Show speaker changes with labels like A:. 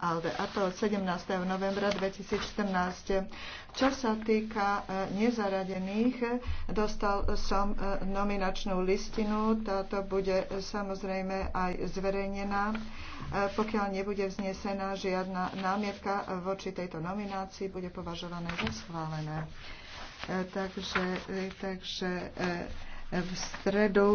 A: ALDE, a to od 17. novembra 2014. Čo sa týka e, nezaradených, dostal som e, nominačnú listinu, táto bude samozrejme aj zverejnená. E, pokiaľ nebude vznesená žiadna námietka voči tejto nominácii, bude považované za schválené. Takže, takže v stredu